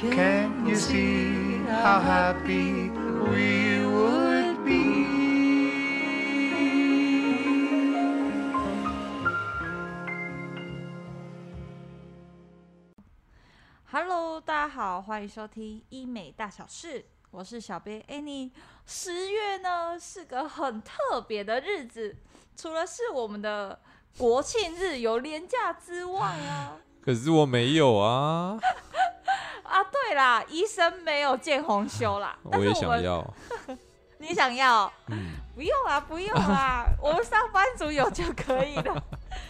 Can you see how happy we would be? Hello，大家好，歡迎收聽醫美大小事，我是小編 Annie。十月呢是個很特別的日子，除了是我們的國慶日有連假之外啊， 可是我沒有啊。 啊，對啦，醫生沒有見紅修啦。我也想要， 你想要？嗯、不用啊？不用啊！ 我們上班族有就可以了。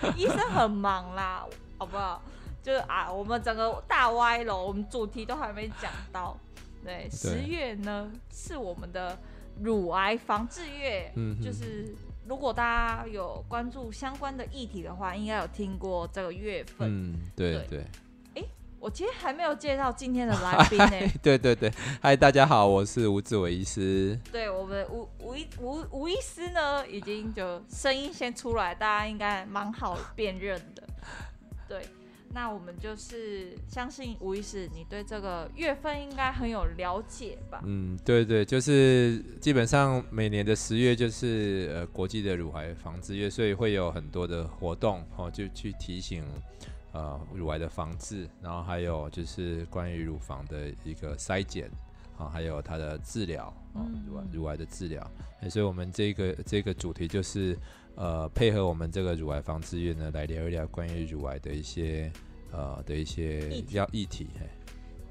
醫生很忙啦，好不好？就是啊，我們整個大歪樓，我們主題都還沒講到。對，對十月呢，是我們的乳癌防治月，嗯、哼就是如果大家有關注相關的議題的話，應該有聽過這個月份。對、嗯、對。對我其實還沒有介紹今天的來賓呢、欸。 對對對，嗨，大家好，我是吳至偉醫師。對我們吳吳醫吳吳醫師呢，已經就聲音先出來，大家應該蠻好辨認的。 對，那我們就是相信吳醫師，你對這個月份應該很有了解吧？嗯，對對，就是基本上每年的十月就是呃國際的乳癌防治月，所以會有很多的活動哦，就去提醒。呃，乳癌的防治，然後還有就是關於乳房的一個篩檢啊，還有它的治療啊，呃嗯、乳癌的治療、嗯欸。所以，我們這個這個主題就是呃，配合我們這個乳癌防治月呢，來聊一聊關於乳癌的一些呃的一些要議題。議題欸、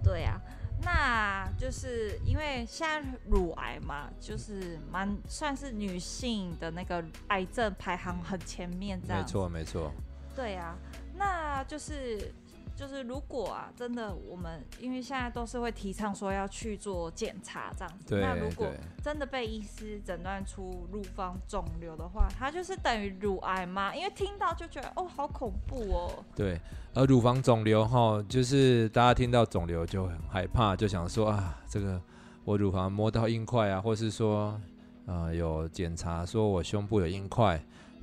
對啊，那就是因為現在乳癌嘛，就是蠻算是女性的那個癌症排行很前面這樣沒。沒錯，沒錯。對啊。那就是，就是如果啊，真的我們因為現在都是會提倡說要去做檢查這樣子。對那如果真的被醫師診斷出乳房腫瘤的話，它就是等於乳癌嗎？因為聽到就覺得哦，好恐怖哦。對，而乳房腫瘤哈，就是大家聽到腫瘤就很害怕，就想說啊，這個我乳房摸到硬塊啊，或是說呃有檢查說我胸部有硬塊。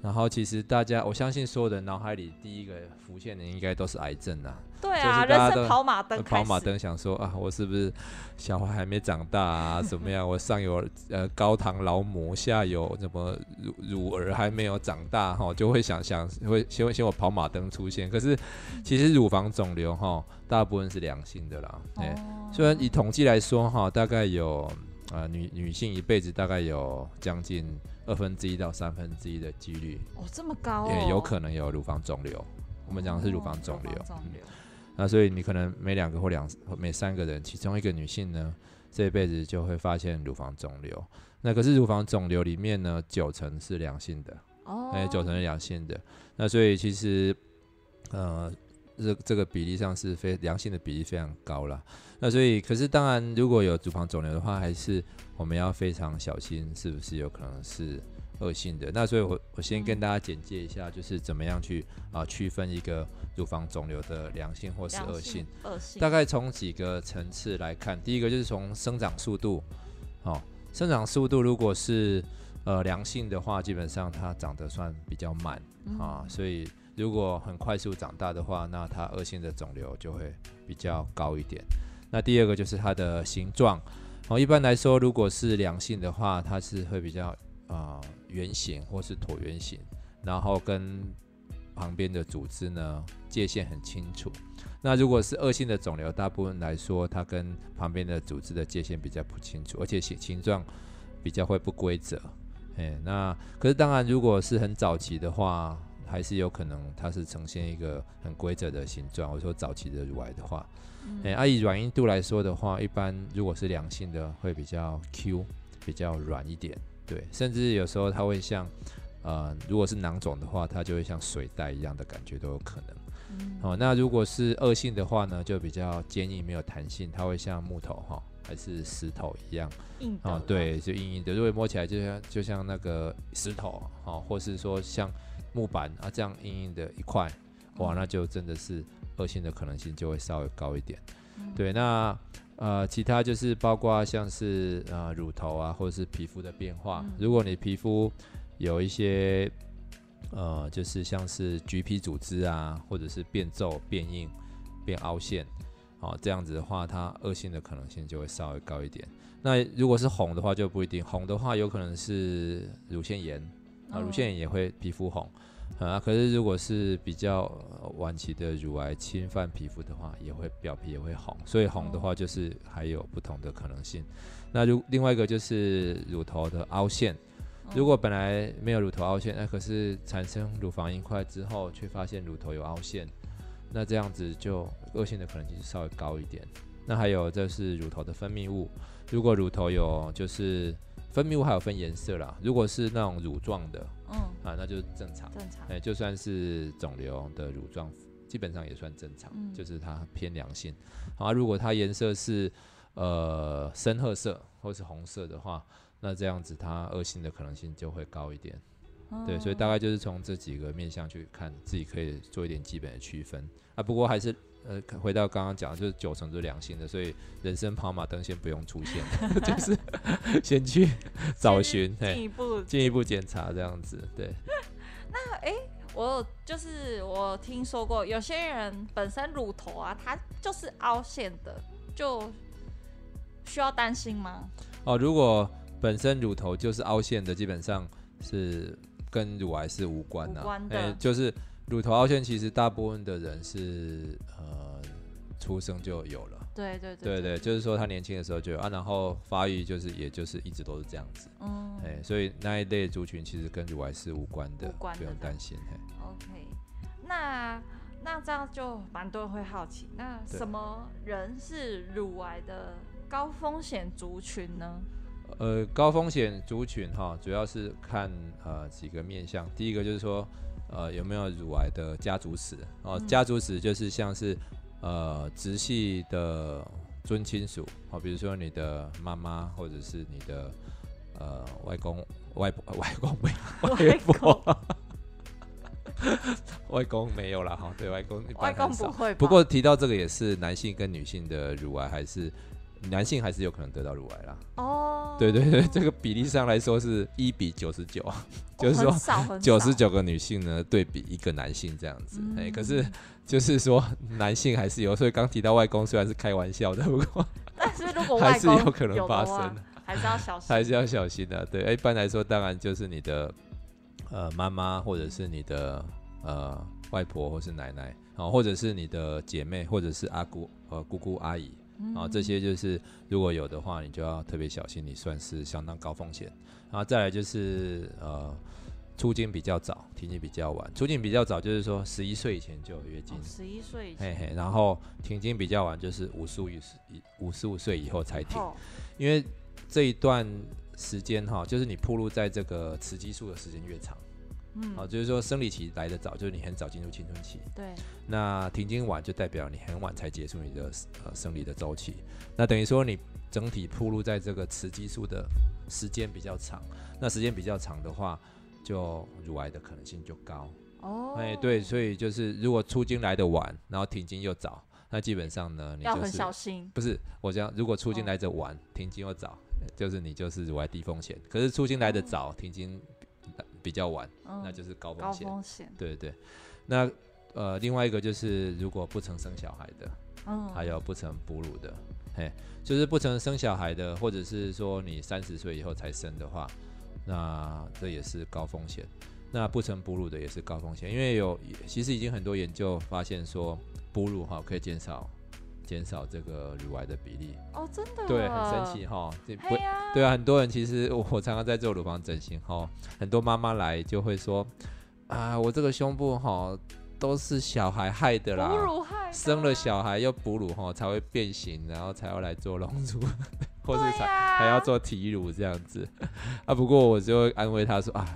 然後其實大家，我相信所有人腦海裡第一個浮現的應該都是癌症呐、啊，對啊，就是大家都人生跑馬燈，跑馬燈想說啊，我是不是小孩還沒長大啊？ 怎麼樣？我上有呃高堂老母，下有什麼乳乳兒還沒有長大哈、哦，就會想想會先會先我跑馬燈出現。可是其實乳房腫瘤哈、哦，大部分是良性的啦。哎、哦，雖然以統計來說哈、哦，大概有。啊、呃，女女性一輩子大概有將近二分之一到三分之一的幾率哦，這麼高、哦，也有可能有乳房腫瘤。我們講的是乳房腫瘤，腫、哦、瘤、嗯。那所以你可能每兩個或兩每三個人，其中一個女性呢，這一輩子就會發現乳房腫瘤。那可是乳房腫瘤裡面呢，九成是良性的哦，哎，九成是良性的。那所以其實，呃。這這個比例上是非良性的比例非常高了，那所以可是當然如果有乳房腫瘤的話，還是我們要非常小心，是不是有可能是惡性的？那所以我我先跟大家簡介一下，就是怎麼樣去、嗯、啊區分一個乳房腫瘤的良性或是惡性？良性、惡性。大概從幾個層次來看，第一個就是從生長速度，哦，生長速度如果是。呃，良性的話，基本上它長得算比較慢、嗯、哼啊，所以如果很快速長大的話，那它惡性的腫瘤就會比較高一點。那第二個就是它的形狀，哦、一般來說，如果是良性的話，它是會比較啊、呃、圓形或是橢圓形，然後跟旁邊的組織呢，界限很清楚。那如果是惡性的腫瘤，大部分來說，它跟旁邊的組織的界限比較不清楚，而且形形狀比較會不規則。哎、欸，那可是當然，如果是很早期的話，還是有可能它是呈現一個很規則的形狀。我說早期的乳癌的話，哎、嗯，啊，以軟硬度來說的話，一般如果是良性的，會比較 Q，比較軟一點。對，甚至有時候它會像，呃，如果是囊腫的話，它就會像水袋一樣的感覺都有可能。嗯、哦，那如果是惡性的話呢，就比較堅硬，沒有彈性，它會像木頭哈、哦，還是石頭一樣，哦，對，就硬硬的，如果摸起來就像就像那個石頭，好、哦，或是說像木板啊這樣硬硬的一塊，哇，嗯、那就真的是惡性的可能性就會稍微高一點，嗯、對，那呃，其他就是包括像是呃乳頭啊，或者是皮膚的變化，嗯、如果你皮膚有一些。呃，就是像是橘皮組織啊，或者是變皺、變硬、變凹陷，哦，這樣子的話，它惡性的可能性就會稍微高一點。那如果是紅的話就不一定，紅的話有可能是乳腺炎啊，乳腺炎也會皮膚紅。嗯，啊，可是如果是比較晚期的乳癌侵犯皮膚的話，也會表皮也會紅，所以紅的話就是還有不同的可能性。那如另外一個就是乳頭的凹陷。如果本來沒有乳頭凹陷，那、呃、可是產生乳房硬塊之後，卻發現乳頭有凹陷，那這樣子就惡性的可能性就稍微高一點。那還有，這是乳頭的分泌物，如果乳頭有就是分泌物，還有分顏色啦。如果是那種乳狀的，嗯，啊，那就正常，正常、欸。就算是腫瘤的乳狀，基本上也算正常，嗯、就是它偏良性。啊，如果它顏色是呃深褐色或是紅色的話。那這樣子，它惡性的可能性就會高一點，嗯、對，所以大概就是從這幾個面向去看，自己可以做一點基本的區分啊。不過還是呃，回到剛剛講，就是九成是良性的，所以人生跑馬燈先不用出現，就是 先去 找尋，進一步進一步檢查這樣子。對，那哎、欸，我就是我聽說過有些人本身乳頭啊，它就是凹陷的，就需要擔心嗎？哦、啊，如果。本身乳頭就是凹陷的，基本上是跟乳癌是無關、啊、無關的、欸。就是乳頭凹陷，其實大部分的人是呃出生就有了。對對對、對、對、對、對、對就是說他年輕的時候就有啊，然後發育就是也就是一直都是這樣子。嗯，哎、欸，所以那一類族群其實跟乳癌是無關的，關的不用擔心。對、對、OK，那那這樣就蠻多人會好奇，那什麼人是乳癌的高風險族群呢？呃，高風險族群哈、哦，主要是看呃幾個面向。第一個就是說，呃，有沒有乳癌的家族史？哦，嗯、家族史就是像是呃直系的尊親屬、哦、比如說你的媽媽，或者是你的呃外公外婆、外公沒有，外公， 外公沒有了哈、哦。對，外公一般外公不會。不過提到這個也是男性跟女性的乳癌還是。男性還是有可能得到乳癌啦。哦，oh. 對對對，這個比例上來說是一比九十九，就是說九十九個女性呢、oh. 對比一個男性這樣子。哎、oh.，可是就是說男性還是有，所以剛提到外公雖然是開玩笑的，不過但是如果外公還是有可能發生，還是要小心，還是要小心的、啊。對，一般來說當然就是你的呃媽媽或者是你的呃外婆或是奶奶啊、哦，或者是你的姐妹或者是阿姑呃姑姑阿姨。啊，然後這些就是如果有的話，你就要特別小心，你算是相當高風險。然後再來就是呃，初經比較早，停經比較晚。初經比較早就是說十一歲以前就有月經，十一、哦、十一歲以前，嘿嘿。然後停經比較晚就是五十五、五十五歲以後才停，哦、因為這一段時間哈、哦，就是你暴露在這個雌激素的時間越長。嗯，好、啊，就是說生理期來的早，就是你很早進入青春期。對。那停經晚就代表你很晚才結束你的呃生理的週期，那等於說你整體暴露在這個雌激素的時間比較長。那時間比較長的話，就乳癌的可能性就高。哦。誒、欸，對，所以就是如果初經來的晚，然後停經又早，那基本上呢，你、就是、要很小心。不是，我講如果初經來的晚，哦、停經又早，就是你就是乳癌低風險。可是初經來的早，哦、停經。比較晚，嗯、那就是高風險。高風險。對，對對，那呃，另外一個就是如果不曾生小孩的，嗯、還有不曾哺乳的，嘿，就是不曾生小孩的，或者是說你三十歲以後才生的話，那這也是高風險。那不曾哺乳的也是高風險，因為有其實已經很多研究發現說哺乳哈可以減少。減少這個乳癌的比例哦，oh, 真的對，很神奇哈。這不 Hey 對啊，很多人其實我常常在做乳房整形吼，很多媽媽來就會說啊，我這個胸部吼都是小孩害的啦，的生了小孩又哺乳吼才會變形，然後才要來做隆乳，或是才、啊、還要做提乳這樣子啊。不過我就安慰她說啊。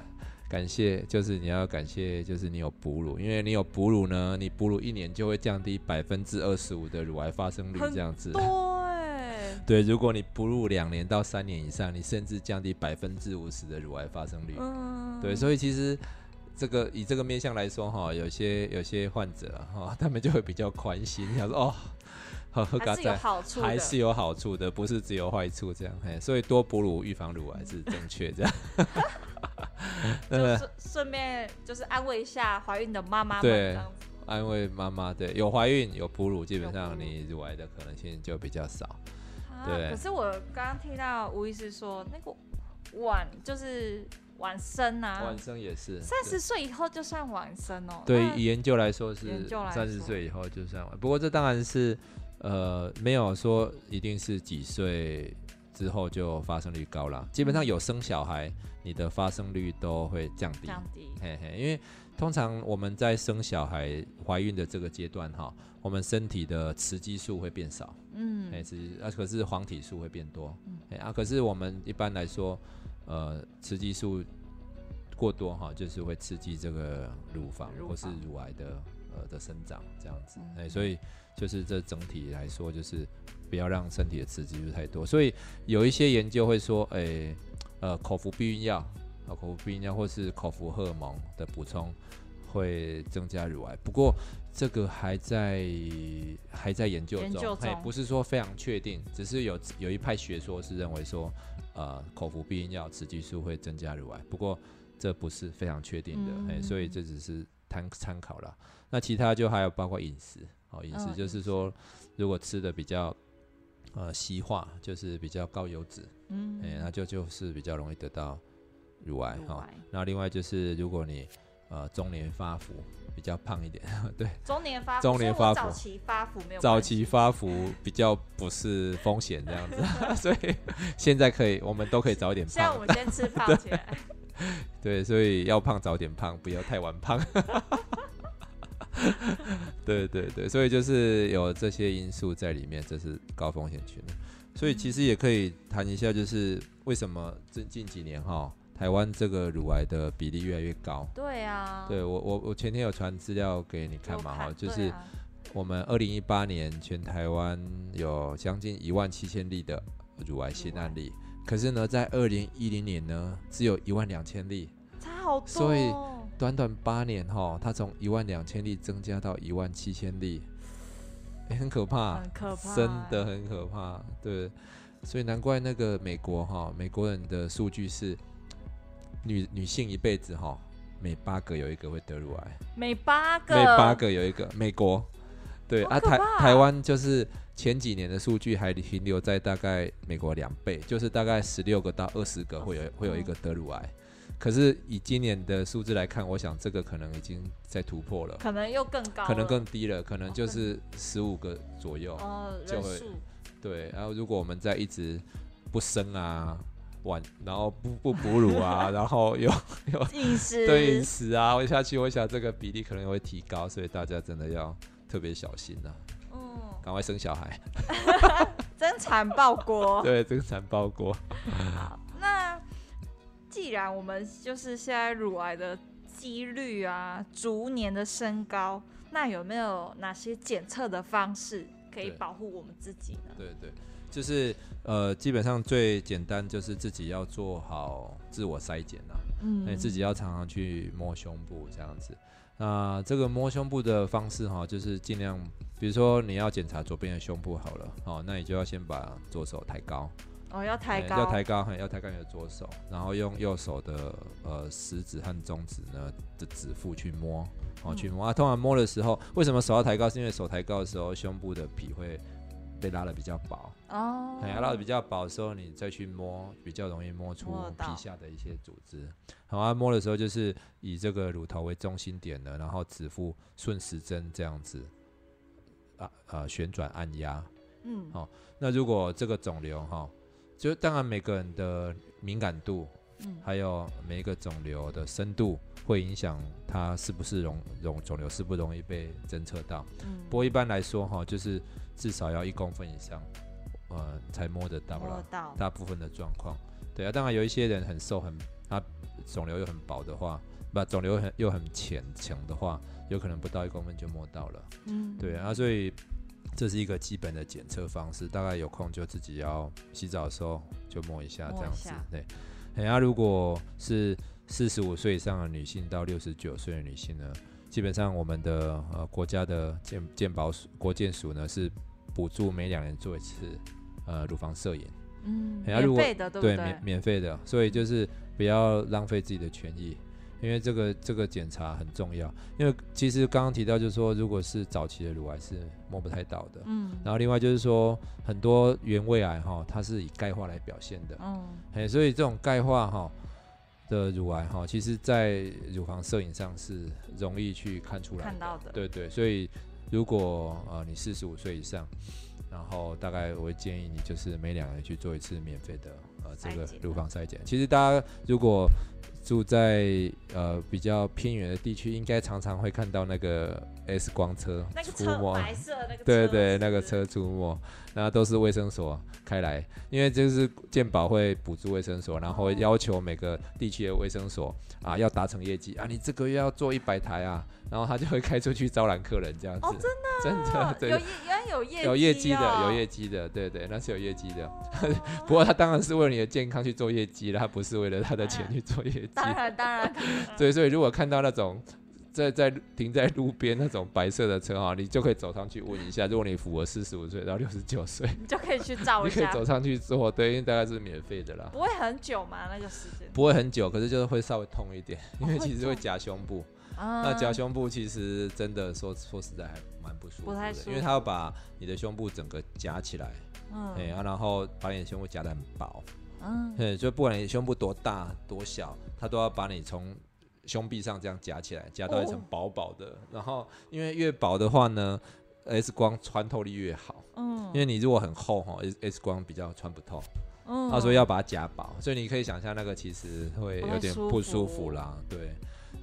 感謝，就是你要感謝，就是你有哺乳，因為你有哺乳呢，你哺乳一年就會降低百分之二十五的乳癌發生率，這樣子。很對耶。對，如果你哺乳兩年到三年以上，你甚至降低百分之五十的乳癌發生率。嗯。對，所以其實這個以這個面向來說，哈，有些有些患者哈，他們就會比較寬心，想說哦。 還是有好處的， 還是有好處的， 不是只有壞處這樣。所以多哺乳，預防乳癌是正確這樣。哈順便就是安慰一下懷孕的媽媽嘛，安慰媽媽，對，有懷孕有哺乳，基本上你乳癌的可能性就比較少。對。啊，可是我剛剛聽到吳醫師說，那個晚就是晚生啊，晚生也是三十歲以後就算晚生哦，喔。對，研究來說是三十歲以後就算晚。不過這當然是。呃，沒有說一定是幾歲之後就發生率高啦。基本上有生小孩，你的發生率都會降低。降低，嘿嘿。因為通常我們在生小孩、懷孕的這個階段，哈，我們身體的雌激素會變少，嗯，哎，雌啊，可是黃體素會變多，哎、嗯、啊，可是我們一般來說，呃，雌激素過多哈，就是會刺激這個乳房、嗯、乳房或是乳癌的呃的生長這樣子，嗯、所以。就是這整體來說，就是不要讓身體的雌激素太多。所以有一些研究會說，哎、欸，呃，口服避孕藥、口服避孕藥或是口服荷爾蒙的補充會增加乳癌。不過這個還在還在研究中，哎，不是說非常確定，只是有有一派學說是認為說，呃，口服避孕藥雌激素會增加乳癌。不過這不是非常確定的嗯嗯嗯，哎，所以這只是參考了。那其他就還有包括飲食。好意思，就是說，如果吃的比較呃西化，就是比較高油脂，嗯、欸，那就就是比較容易得到乳癌哈癌、哦。那另外就是如果你呃中年發福，比較胖一點，對，中年發中年發福，發福早期發福沒有，早期發福比較不是風險這樣子， 對 所以現在可以，我們都可以早點胖。現在我們先吃胖起來，對，所以要胖早點胖，不要太晚胖。 對對對，所以就是有這些因素在裡面，這是高風險群。所以其實也可以談一下，就是為什麼近近幾年哈，台灣這個乳癌的比例越來越高。對啊，對我我我前天有傳資料給你看嘛，哈，啊、就是我們二零一八年全台灣有將近一萬七千例的乳癌新案例，乳可是呢，在二零一零年呢，只有一萬兩千例，差好多哦，所以。短短八年哈，它從一萬兩千例增加到一萬七千例，很可怕，很可怕，真的很可怕。對，對，所以難怪那個美國哈，美國人的數據是女女性一輩子哈，每八個有一個會得乳癌，每八個每八個有一個。美國。對啊，啊，台台灣就是前幾年的數據還停留在大概美國兩倍，就是大概十六個到二十個會有、哦、會有一個得乳癌。嗯可是以今年的數字來看，我想這個可能已經在突破了。可能又更高。可能更低了，可能就是十五個左右。哦、就會事對，然、啊、後如果我們再一直不生啊，晚，然後不不哺乳啊， 然後又有飲食時 對飲食啊，我下去我想這個比例可能也會提高，所以大家真的要特別小心了、啊。嗯，趕快生小孩。 增產報國。 對，增產報國。那。既然我們就是現在乳癌的幾率啊，逐年的升高，那有沒有哪些檢測的方式可以保護我們自己呢？對，對對，就是呃，基本上最簡單就是自己要做好自我篩檢啦，嗯，那你自己要常常去摸胸部這樣子。那這個摸胸部的方式哈、啊，就是盡量，比如說你要檢查左邊的胸部好了，好，那你就要先把左手抬高。哦，要抬高、嗯，要抬高，很、嗯、要抬高你的左手，然後用右手的呃食指和中指呢的指腹去摸，哦，去摸。嗯、啊，通常摸的時候，為什麼手要抬高？是因為手抬高的時候，胸部的皮會被拉得比較薄哦，很、嗯啊、拉得比較薄的時候，你再去摸，比較容易摸出皮下的一些組織。好、啊，摸的時候就是以這個乳頭為中心點呢，然後指腹順時針這樣子啊啊旋轉按壓。嗯，好、哦，那如果這個腫瘤哈。哦就當然每個人的敏感度，嗯，還有每一個腫瘤的深度，會影響它是不是容容腫瘤是不容易被偵測到。嗯，不過一般來說哈，就是至少要一公分以上，呃，才摸得到了，大部分的狀況。對啊，當然有一些人很瘦，很他腫瘤又很薄的話，那腫瘤又很淺層的話，有可能不到一公分就摸到了。嗯，對啊，所以。這是一個基本的檢測方式，大概有空就自己要洗澡的時候就摸一下，這樣子。對，等下，哎，如果是四十五歲以上的女性到六十九歲的女性呢，基本上我們的呃國家的健、健保署、國健署呢是補助每兩年做一次呃乳房攝影。嗯，等下，哎，如果免費的，對不對？對，免免費的，所以就是不要浪費自己的權益。因為這個這個檢查很重要，因為其實剛剛提到就是說，如果是早期的乳癌是摸不太到的，嗯，然後另外就是說，很多原位癌哈，它是以鈣化來表現的，嗯，哎，所以這種鈣化哈的乳癌哈，其實在乳房攝影上是容易去看出來，看到的，對對，所以如果呃你四十五歲以上，然後大概我會建議你就是每兩年去做一次免費的呃這個乳房篩檢，嗯、其實大家如果。住在呃比較偏遠的地區，應該常常會看到那個 S, S 光車，那個車白色那個，對對，那個車出沒，那都是衛生所開來，因為就是健保會補助衛生所，然後要求每個地區的衛生所啊要達成業績啊，你這個月要做一百台啊，然後他就會開出去招攬客人這樣子，真的真有業，有業績，的，有業績、哦、的，對對，那是有業績的，哦、 不過他當然是為了你的健康去做業績的，他不是為了他的錢去做業績，當然當然， 對所以如果看到那種。在在停在路邊那種白色的車啊、喔，你就可以走上去問一下，如果你符合四十五歲到六十九歲，你就可以去照一下。 你可以走上去之後，對，因為大概是免費的啦。不會很久嗎？那就、個、時間。不會很久，可是就是會稍微痛一點，因為其實會夾胸部。哦、那夾胸部其實真的說說實在還蠻不舒服的，不太舒服因為他要把你的胸部整個夾起來。嗯、欸。然後把你的胸部夾得很薄。嗯。所以、欸、不管你胸部多大多小，他都要把你從。胸壁上這樣夾起來，夾到一層薄薄的，哦、然後因為越薄的話呢，X 光穿透力越好。嗯，因為你如果很厚哈、哦、X, X 光比較穿不透。嗯、啊，所以要把它夾薄，所以你可以想象那個其實會有點不舒服啦。服對，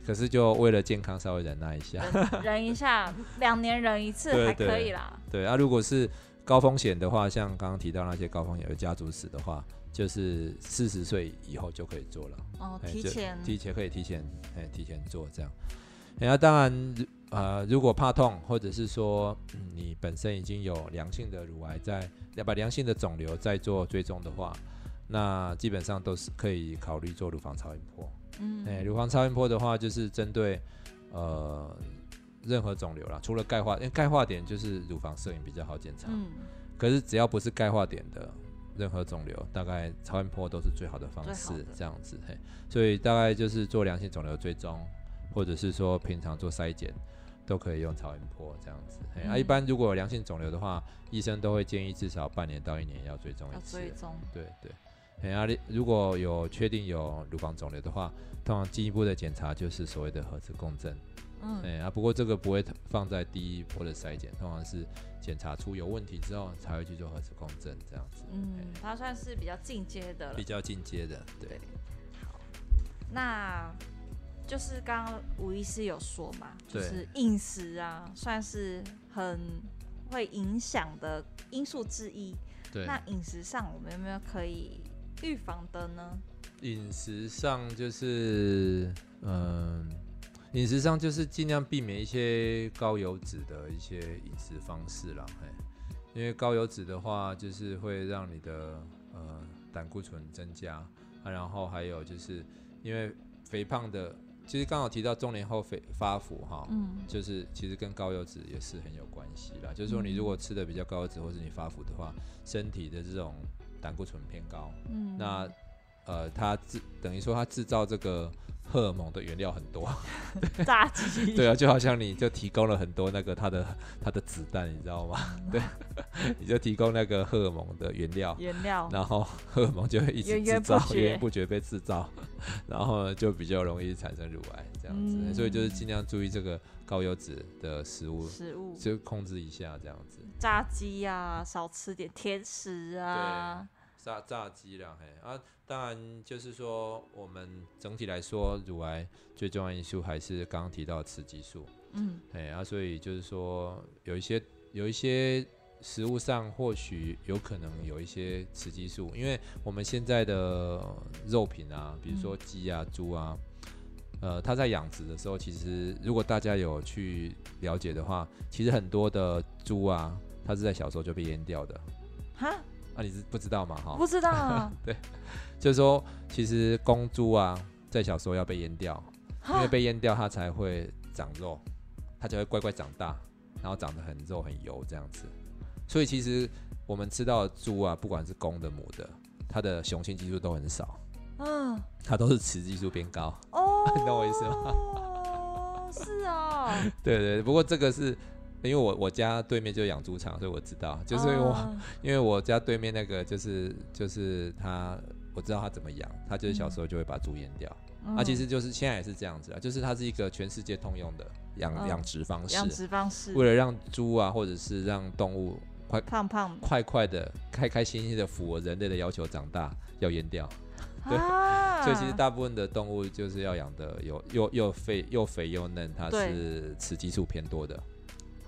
可是就為了健康，稍微忍耐一下，忍一下， 兩年忍一次還對可以啦。對啊，如果是高風險的話，像剛剛提到那些高風險有家族史的話。就是四十歲以後就可以做了哦，提前、欸、提前可以提前哎、欸，提前做這樣。然、欸、後、啊、當然，呃，如果怕痛，或者是說、嗯、你本身已經有良性的乳癌在要把良性的腫瘤在做追蹤的話，那基本上都是可以考慮做乳房超音波。嗯、欸，乳房超音波的話，就是針對呃任何腫瘤了，除了鈣化，因為鈣化點就是乳房攝影比較好檢查。嗯，可是只要不是鈣化點的，任何腫瘤，大概超音波都是最好的方式，這樣子。嘿，所以大概就是做良性腫瘤追蹤，或者是說平常做篩檢，都可以用超音波這樣子。嘿嗯、啊，一般如果有良性腫瘤的話，醫生都會建議至少半年到一年要追蹤一次。要追蹤，對對。嘿啊，如果有確定有乳房腫瘤的話，通常進一步的檢查就是所謂的核磁共振。嗯、欸，啊，不過這個不會放在第一波的篩檢，通常是檢查出有問題之後才會去做核磁共振這樣子。嗯，它、欸、算是比較進階的了。比較進階的，對，對。好，那就是剛剛吳醫師有說嘛，就是飲食啊，對，算是很會影響的因素之一。對。那飲食上，我們有沒有可以預防的呢？飲食上就是，呃、嗯。飲食上就是盡量避免一些高油脂的一些飲食方式啦，嘿，因為高油脂的話就是會讓你的呃膽固醇增加，啊，然後還有就是因為肥胖的，其實剛好提到中年後肥發福哈，嗯，就是其實跟高油脂也是很有關係啦。嗯，就是說你如果吃的比較高油脂，或是你發福的話，身體的這種膽固醇偏高，嗯，那呃它制等於說它制造這個。荷爾蒙的原料很多，炸雞，對啊，就好像你就提供了很多那個它的它的子彈，你知道嗎？嗯，對，你就提供那個荷爾蒙的原料，原料，然後荷爾蒙就會一直制造，源源不絕被制造，然後就比較容易產生乳癌這樣子，嗯，所以就是盡量注意這個高油脂的食物，食物就控制一下這樣子，炸雞呀，少吃點甜食啊。炸炸雞啦，嘿啊！當然就是說，我們整體來說，乳癌最重要因素還是剛剛提到的雌激素。嗯。哎啊，所以就是說，有一些有一些食物上或許有可能有一些雌激素，因為我們現在的肉品啊，比如說雞啊、嗯、豬啊，呃，它在養殖的時候，其實如果大家有去了解的話，其實很多的豬啊，它是在小時候就被閹掉的。哈？那、啊、你是不知道嗎？哈，不知道啊。 對，就是說，其實公豬啊，在小時候要被閹掉，因為被閹掉，它才會長肉，蛤它才會乖乖長大，然後長得很肉很油這樣子。所以，其實我們吃到的豬啊，不管是公的母的，它的雄性激素都很少，嗯、啊，它都是雌激素變高。哦， 你懂我意思嗎？哦，是啊。 對，對對，不過這個是。因為我我家對面就養豬場，所以我知道，就是因為我、啊、因為我家對面那個就是就是他，我知道他怎麼養，他就是小時候就會把豬閹掉，那、嗯啊、其實就是現在也是這樣子啊，就是它是一個全世界通用的養、嗯、養殖方式，養殖方式為了讓豬啊或者是讓動物快胖胖快快的開開心心的符合人類的要求長大要閹掉，對，啊、所以其實大部分的動物就是要養的有又又肥又肥又嫩，它是雌激素偏多的。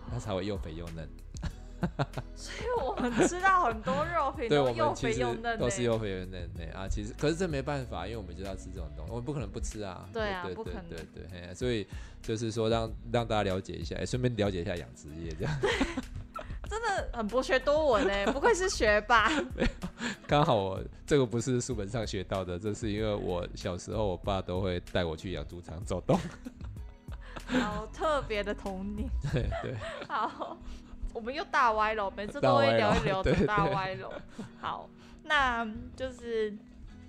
它才會又肥又嫩， 所以我們吃到很多肉皮都又肥又嫩，欸、都是又肥又嫩，欸、啊！其實，可是這沒辦法，因為我們就要吃這種東西，我們不可能不吃啊。 對啊，不可能。對對，所以就是說讓，讓讓大家了解一下，欸、順便了解一下養殖業這樣。真的很博學多聞呢，欸，不愧是學霸。剛 好我這個不是書本上學到的，這是因為我小時候，我爸都會帶我去養豬場走動。好，特別的童年，對 對。對好，我們又大歪了，每次都會聊一聊的大歪了。對對對好，那就是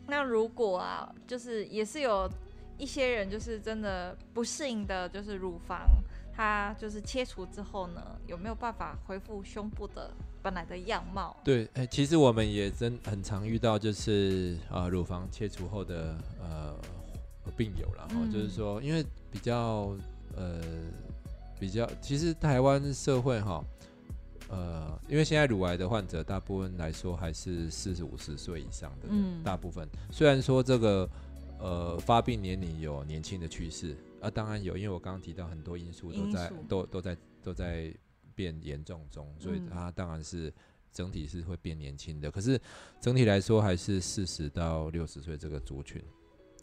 那如果啊，就是也是有一些人，就是真的不適應的，就是乳房它就是切除之後呢，有沒有辦法恢復胸部的本來的樣貌？對，哎、欸，其實我們也真很常遇到，就是啊、呃，乳房切除後的呃病友然後、嗯、就是說，因為比較。呃，比較其實台灣社會哈，呃，因為現在乳癌的患者大部分來說還是四十五十歲以上的，嗯、大部分雖然說這個呃發病年齡有年輕的趨勢，啊，當然有，因為我剛剛提到很多因素都在素都都在都在變嚴重中，所以它當然是整體是會變年輕的，嗯、可是整體來說還是四十到六十歲這個族群，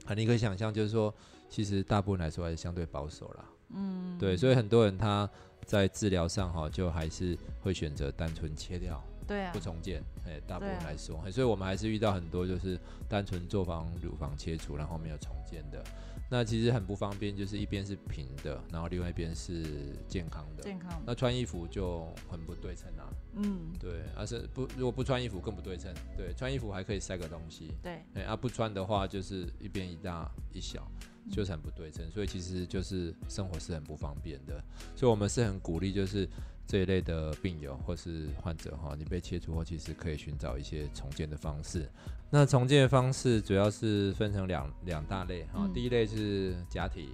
啊，你可以想象就是說，其實大部分來說還是相對保守啦。嗯，對，所以很多人他在治療上哈，就還是會選擇單純切掉，對啊，不重建，哎，大部分、啊、來說，所以我們還是遇到很多就是單純做房乳房切除，然後沒有重建的，那其實很不方便，就是一邊是平的，然後另外一邊是健康的，健康的，那穿衣服就很不對稱啊，嗯，對，而、啊、是不如果不穿衣服更不對稱，對，穿衣服還可以塞個東西，對，哎，而、啊、不穿的話就是一邊一大一小。就是很不對稱，所以其實就是生活是很不方便的，所以我們是很鼓勵，就是這一類的病友或是患者哈，你被切除後，其實可以尋找一些重建的方式。那重建的方式主要是分成兩兩大類哈，第一類是假體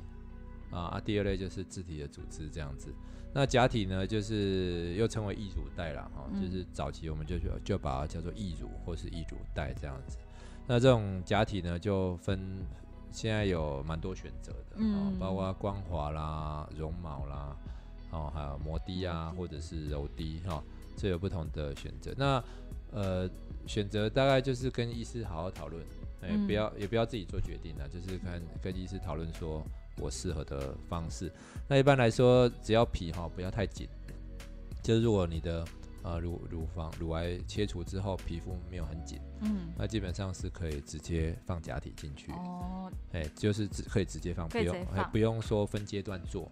啊啊，第二類就是自體的組織這樣子。那假體呢，就是又稱為義乳袋了哈，就是早期我們就就把它叫做義乳或是義乳袋這樣子。那這種假體呢，就分現在有蠻多選擇的，嗯哦，包括光滑啦、絨毛啦，哦，還有魔滴呀，或者是柔滴哈，這有不同的選擇。那呃，選擇大概就是跟醫師好好討論，不要、嗯、也不要自己做決定啊，就是跟跟醫師討論說我適合的方式。那一般來說，只要皮哈、哦、不要太緊，就如果你的。啊，乳乳房乳癌切除之後，皮膚沒有很緊，嗯，那基本上是可以直接放假體進去，哦，哎、欸，就是只可以直接放，接放不用不用說分階段做，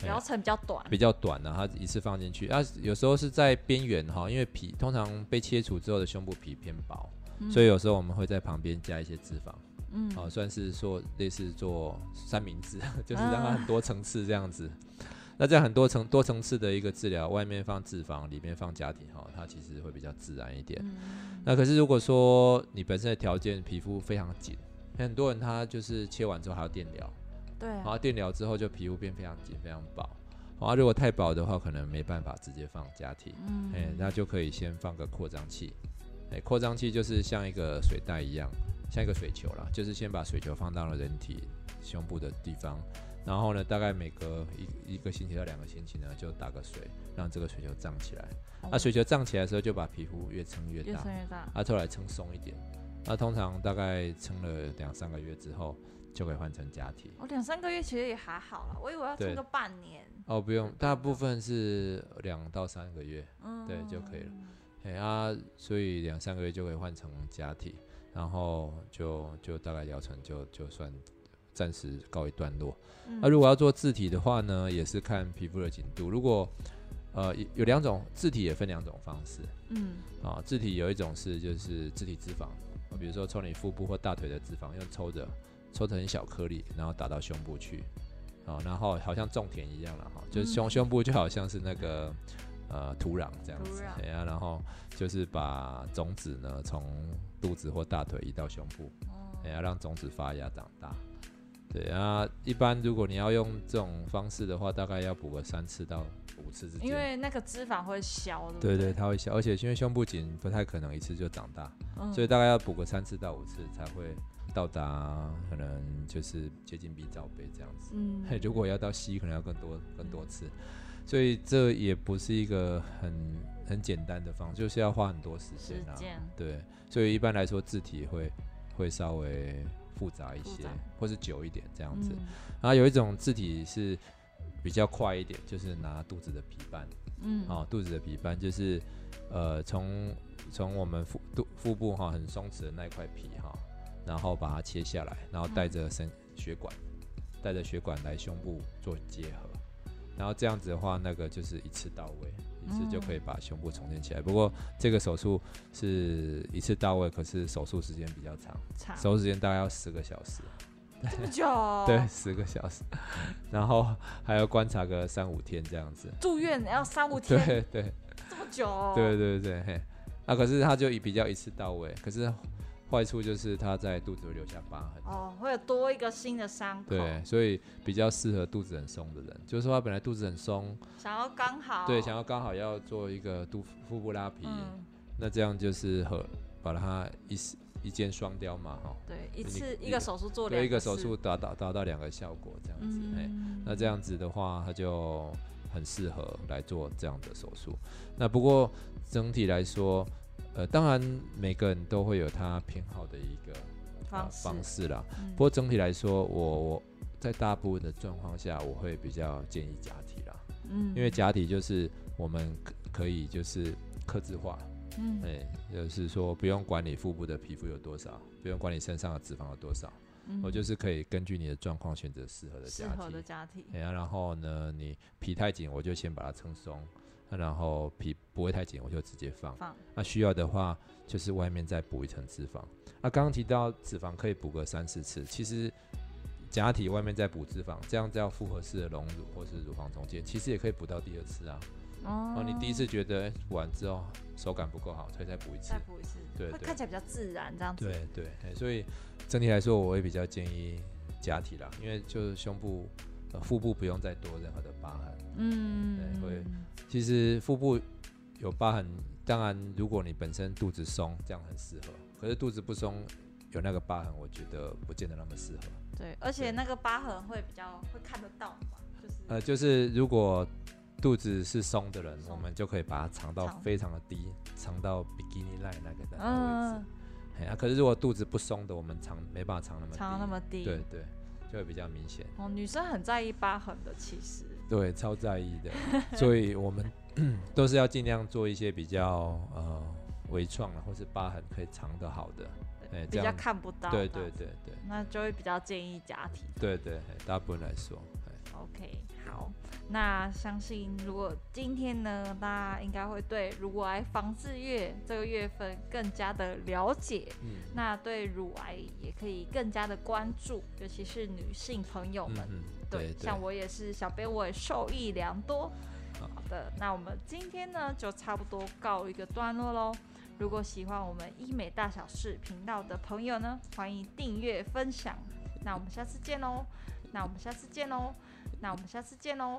療程比較短，比較短的、啊，它一次放進去、啊，有時候是在邊緣哈，因為皮通常被切除之後的胸部皮偏薄，嗯、所以有時候我們會在旁邊加一些脂肪，嗯、啊，算是說類似做三明治，啊、就是讓它很多層次這樣子。那在很多層多層次的一個治療，外面放脂肪，裡面放假體，哈，它其實會比較自然一點。嗯、那可是如果說你本身的條件皮膚非常緊，很多人他就是切完之後還要電療，對、啊，然後電療之後就皮膚變非常緊，非常薄，然、啊、後如果太薄的話，可能沒辦法直接放假體，嗯、欸，那就可以先放個擴張器，誒、欸，擴張器就是像一個水袋一樣，像一個水球啦，就是先把水球放到了人體胸部的地方。然後呢，大概每隔一一個星期到兩個星期呢，就打個水，讓這個水球脹起來。那、嗯啊、水球脹起來的時候，就把皮膚越撐越大，越越大，啊，出來撐鬆一點。那、啊、通常大概撐了兩三個月之後，就可以換成假體。哦，兩三個月其實也還好啦，我以為要，對要撐個半年。哦，不用，大部分是兩到三個月，嗯、對就可以了、嗯。啊，所以兩三個月就可以換成假體，然後就就大概療程就就算。暫時告一段落。那、嗯啊、如果要做自體的話呢，也是看皮膚的緊度。如果呃有兩種，自體也分兩種方式。嗯啊，自、哦、體有一種是就是自體脂肪，比如說從你腹部或大腿的脂肪，用抽着抽成小顆粒，然後打到胸部去。啊、哦，然後好像種田一樣了哈、哦，就胸、嗯、胸部就好像是那個呃土壤這樣子，等下壤、哎，然後就是把種子呢從肚子或大腿移到胸部，等下、哦哎、讓種子發芽長大。對啊，一般如果你要用這種方式的話，大概要補個三次到五次之間。因為那個脂肪會消，對不對？對對，它會消，而且因為胸部緊不太可能一次就長大，嗯、所以大概要補個三次到五次才會到達可能就是接近 B 罩杯這樣子。嗯、如果要到 C 可能要更多更多次，嗯、所以這也不是一個很很簡單的方式，就是要花很多時間、啊。時間對，所以一般來說自體會會稍微。複雜一些，雜或是久一點這樣子，嗯、然後有一種自體是比較快一點，就是拿肚子的皮瓣，嗯，啊、哦，肚子的皮瓣就是，呃，從從我們腹肚腹部哈很鬆弛的那塊皮哈，然後把它切下來，然後帶着身血管，帶着、嗯、血管來胸部做結合，然後這樣子的話，那個就是一次到位。是、嗯、就可以把胸部重建起來，不過這個手術是一次到位，可是手術時間比較長，長手術時間大概要十個小時，這麼久、哦？ 對，十個小時，然後還要觀察個三五天這樣子，住院要三五天？對，對對，這麼久、哦？對對對嘿，那、啊、可是他就比較一次到位，可是。壞處就是他在肚子會留下疤痕哦，會有多一個新的傷口。對，所以比較適合肚子很鬆的人，就是說他本來肚子很鬆，想要剛好。對，想要剛好要做一個肚腹部拉皮，嗯、那這樣就是和把它一，一箭雙雕嘛，哈。對，一次你一,一個手術做兩個。一個手術達達達到兩個效果這樣子，哎、嗯嗯嗯，那這樣子的話，他就很適合來做這樣的手術。那不過整體來說。呃，當然每個人都會有他偏好的一個方式啦。不過整體來說，我，我在大部分的狀況下，我會比較建議假體啦。嗯，因為假體就是我們可以就是客製化，嗯、欸，就是說不用管你腹部的皮膚有多少，不用管你身上的脂肪有多少，嗯、我就是可以根據你的狀況選擇適合的假體。適合的假體、欸啊。然後呢，你皮太緊，我就先把它撐鬆。啊、然後皮不會太緊，我就直接放。那放、啊、需要的話，就是外面再補一層脂肪。那剛剛提到脂肪可以補個三四次，其實假體外面再補脂肪，這樣叫複合式的隆乳或是乳房重建，其實也可以補到第二次啊。哦啊。你第一次覺得補、欸、完之後手感不夠好，可以再補一次。再補一次。對,對,對。會看起來比較自然，這樣子。對對對，所以整體來說，我會比較建議假體啦，因為就是胸部、呃、腹部不用再多任何的疤痕。嗯對。對，會。其實腹部有疤痕，當然如果你本身肚子鬆，這樣很適合。可是肚子不鬆，有那個疤痕，我覺得不見得那麼適合。對，而且那個疤痕會比較會看得到嘛，就是呃，就是如果肚子是鬆的人，鬆我們就可以把它藏到非常的低，藏，藏到 bikini line 那個位置。嗯、呃啊、可是如果肚子不鬆的，我們藏沒辦法藏那麼藏那麼低，對對，就會比較明顯。哦，女生很在意疤痕的，其實。對，超在意的， 所以我們都是要盡量做一些比較呃微創的，或是疤痕可以藏得好的，對欸、比較樣看不到，對對對對，那就會比較建議假體。嗯、對，對對，大部分來說，OK，好，那相信如果今天呢，大家應該會對乳癌防治月這個月份更加的了解，嗯，那對乳癌也可以更加的關注，尤其是女性朋友們。嗯嗯對，像我也是小輩，我也受益良多，對對。好的，那我們今天呢就差不多告一個段落嘍。如果喜歡我們醫美大小事頻道的朋友呢，歡迎訂閱分享。那我們下次見嘍！那我們下次見嘍！那我們下次見嘍！